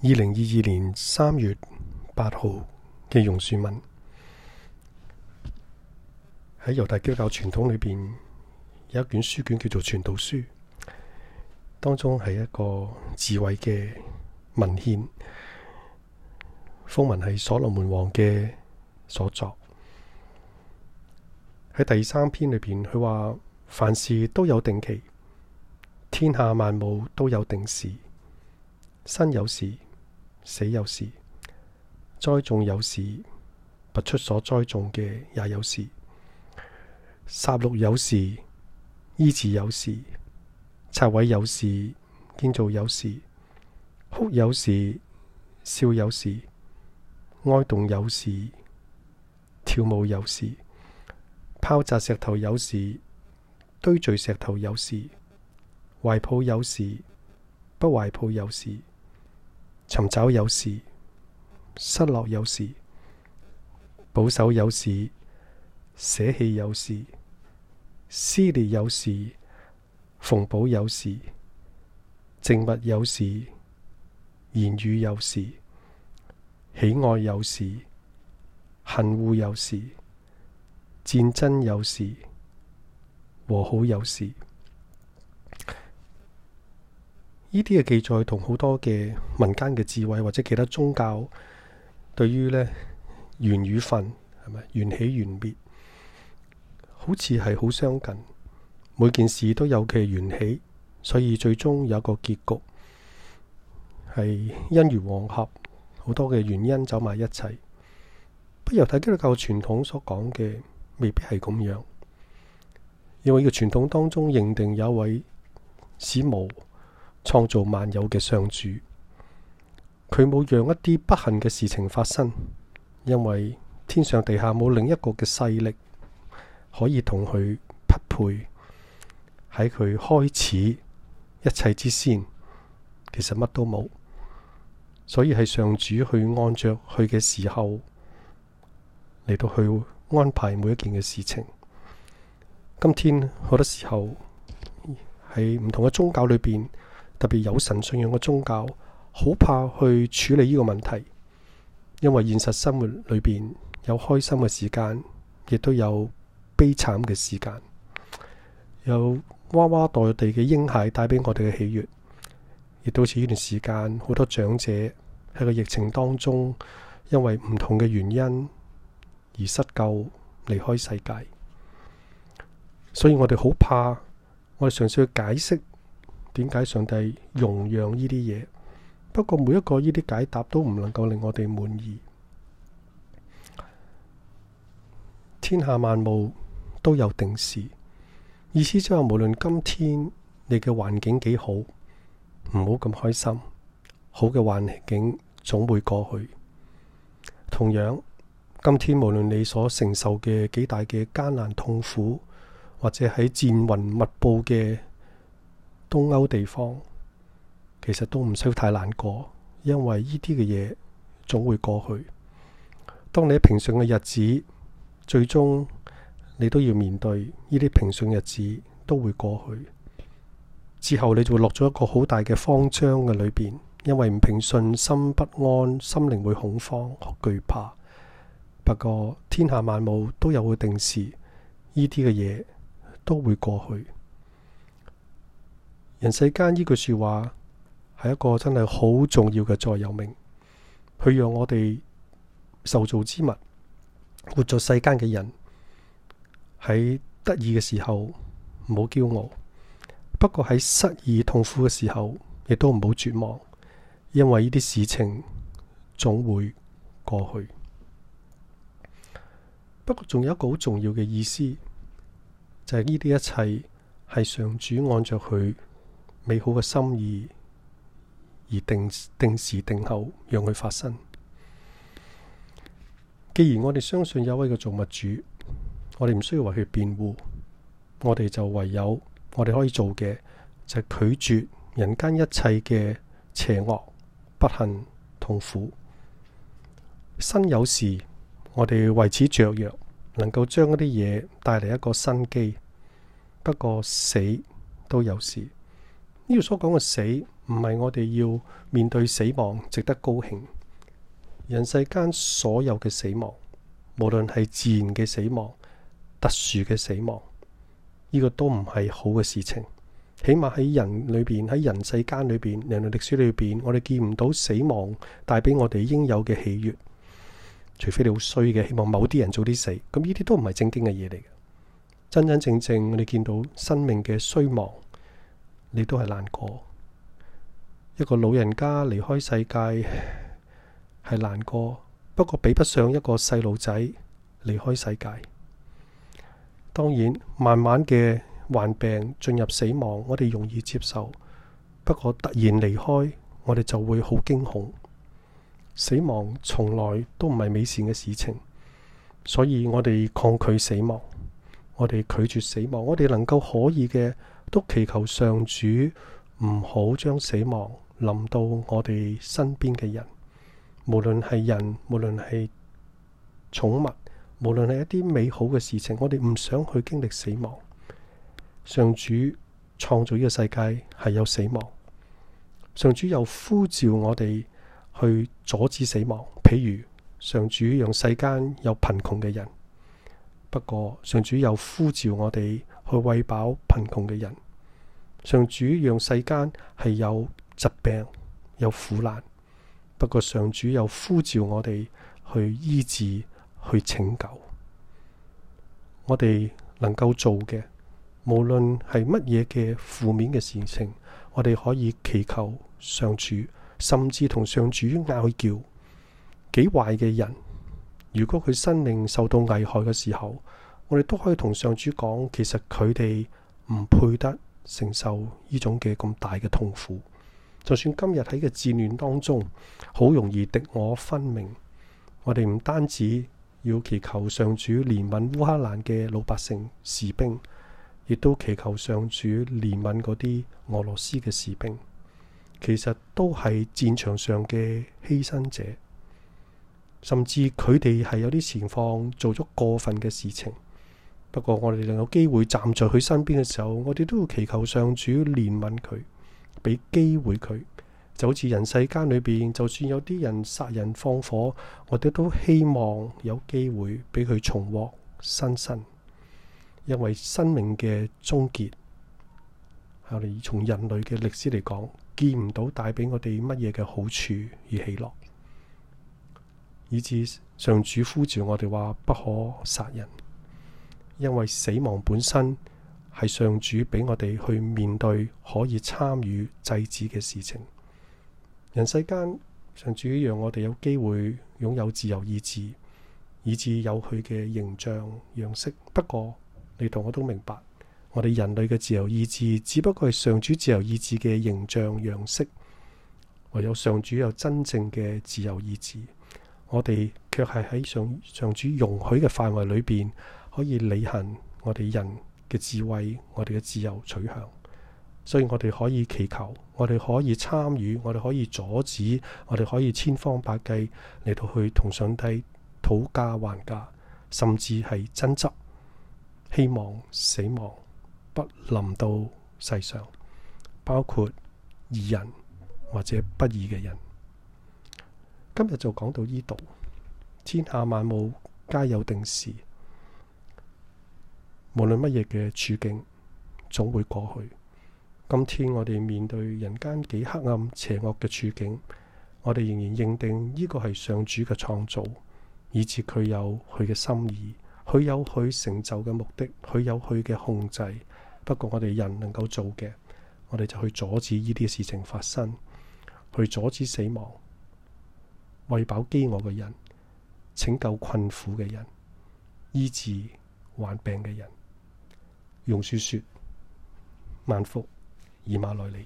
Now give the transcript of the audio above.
二零二二年三月八號嘅榕樹文喺猶太基督教傳統裏邊有一卷書卷叫做《傳道書》，當中係一個智慧嘅文獻。封文係所羅門王嘅所作。喺第三篇裏邊，佢話：凡事都有定期，天下萬物都有定時，身有時。死有時，栽種有時，拔出所栽種嘅也有時，殺戮有時，醫治有時，拆毀有時，建造有時，哭有時，笑有時，哀慟有時，跳舞有時，拋擲石頭有時，堆聚石頭有時，懷抱有時，不懷抱有時。尋找有時，失落有時，保守有時，捨棄有時，撕裂有時，縫補有時，靜物有時，言語有時，喜愛有時，恨惡有時，戰爭有時，和好有時。呢啲嘅記載同好多嘅民間嘅智慧，或者其他宗教對於呢緣與份係咪緣起緣滅，好似係好相近。每件事都有其緣起，所以最終有一個結局係因緣黃合。好多嘅原因走埋一齊，不由睇基督教傳統所講嘅，未必係咁樣，因為呢個傳統當中認定有一位使無。創造萬有嘅上主，佢冇讓一啲不幸嘅事情發生，因為天上地下冇另一個嘅勢力可以同佢匹配。喺佢開始一切之先，其實乜都冇，所以係上主去按着去嘅時候嚟到去安排每一件嘅事情。今天好多時候喺唔同嘅宗教裏邊。特別有神信仰嘅宗教，好怕去處理呢個問題，因為現實生活裏邊有開心嘅時間，亦都有悲慘嘅時間，有呱呱墜地嘅嬰孩帶俾我哋嘅喜悦，亦都似呢段時間，好多長者喺個疫情當中，因為唔同嘅原因而失救離開世界，所以我哋好怕，我哋嘗試去解釋。點解上帝容讓呢啲嘢？不過每一個呢啲解答都唔能夠令我哋滿意。天下萬物都有定時，意思即係無論今天你嘅環境幾好，唔好咁開心，好嘅環境總會過去。同樣，今天無論你所承受嘅幾大嘅艱難痛苦，或者喺戰雲密布嘅。東歐地方其實都唔需要太難過，因為呢啲嘅嘢總會過去。當你喺平順嘅日子，最終你都要面對呢啲平順日子都會過去。之後你就會落咗一個好大嘅慌張嘅裏邊，因為唔平順，心不安，心靈會恐慌、懼怕。不過天下萬物都有個定時，呢啲嘅嘢都會過去。人世間呢句說話係一個真係好重要嘅座右銘，佢讓我哋受造之物活在世間嘅人喺得意嘅時候唔好驕傲，不過喺失意痛苦嘅時候亦都唔好絕望，因為呢啲事情總會過去。不過仲有一個好重要嘅意思，就係呢啲一切係上主按着佢。美好嘅心意而定，定時定候讓佢發生。既然我哋相信有一位嘅造物主，我哋唔需要為佢辯護，我哋就唯有我哋可以做嘅就係、是、拒絕人間一切嘅邪惡、不幸、痛苦。生有時，我哋為此雀躍，能夠將一啲嘢帶嚟一個生機。不過死都有時。呢度所講嘅死，唔係我哋要面對死亡值得高興。人世間所有嘅死亡，無論係自然嘅死亡、特殊嘅死亡，呢個都唔係好嘅事情。起碼喺人裏邊，喺人世間裏邊，人類歷史裏邊，我哋見唔到死亡帶俾我哋應有嘅喜悅。除非你好衰嘅，希望某啲人早啲死，咁呢啲都唔係正經嘅嘢嚟嘅。真真正正，我哋見到生命嘅衰亡。你都係難過，一個老人家離開世界係 難過，不過比不上一個細路仔離開世界。當然，慢慢嘅患病進入死亡，我哋容易接受。不過突然離開，我哋就會好驚恐。死亡從來都唔係美善嘅事情，所以我哋抗拒死亡。我哋拒絕死亡，我哋能夠可以嘅都祈求上主唔好將死亡臨到我哋身邊嘅人，無論係人，無論係寵物，無論係一啲美好嘅事情，我哋唔想去經歷死亡。上主創造呢個世界係有死亡，上主又呼召我哋去阻止死亡。譬如上主讓世間有貧窮嘅人。不過上主又呼召我哋去餵飽貧窮嘅人，上主讓世間係有疾病，有苦難。不過上主又呼召我哋去醫治，去拯救。我哋能夠做嘅，無論係乜嘢嘅負面嘅事情，我哋可以祈求上主，甚至同上主嗌叫幾壞嘅人。如果佢生命受到危害嘅時候，我哋都可以同上主講，其實佢哋唔配得承受呢種嘅咁大嘅痛苦。就算今日喺嘅戰亂當中，好容易敵我分明，我哋唔單止要祈求上主憐憫烏克蘭嘅老百姓、士兵，亦都祈求上主憐憫嗰啲俄羅斯嘅士兵，其實都係戰場上嘅犧牲者。甚至佢哋係有啲情況做咗過分嘅事情，不過我哋能有機會站在佢身邊嘅時候，我哋都要祈求上主憐憫佢，俾機會佢。就好似人世間裏邊，就算有啲人殺人放火，我哋都希望有機會俾佢重獲新生，因為生命嘅終結，我哋從人類嘅歷史嚟講，見唔到帶俾我哋乜嘢嘅好處與喜樂。以至上主呼召我哋話不可殺人，因為死亡本身係上主俾我哋去面對，可以參與制止嘅事情。人世間，上主讓我哋有機會擁有自由意志，以至有佢嘅形象樣式。不過你同我都明白，我哋人類嘅自由意志只不過係上主自由意志嘅形象樣式，唯有上主有真正嘅自由意志。我哋卻係喺上上主容許嘅範圍裏邊，可以履行我哋人嘅智慧、我哋嘅自由取向，所以我哋可以祈求，我哋可以參與，我哋可以阻止，我哋可以千方百計嚟到去同上帝討價還價，甚至係爭執，希望死亡不臨到世上，包括義人或者不義嘅人。今日就講到呢度，天下萬物皆有定時，無論乜嘢嘅處境，總會過去。今天我哋面對人間幾黑暗、邪惡嘅處境，我哋仍然認定呢個係上主嘅創造，以至佢有佢嘅心意，佢有佢成就嘅目的，佢有佢嘅控制。不過我哋人能夠做嘅，我哋就去阻止呢啲事情發生，去阻止死亡。餵飽飢餓嘅人，拯救困苦嘅人，醫治患病嘅人。用書説：萬福以馬內利。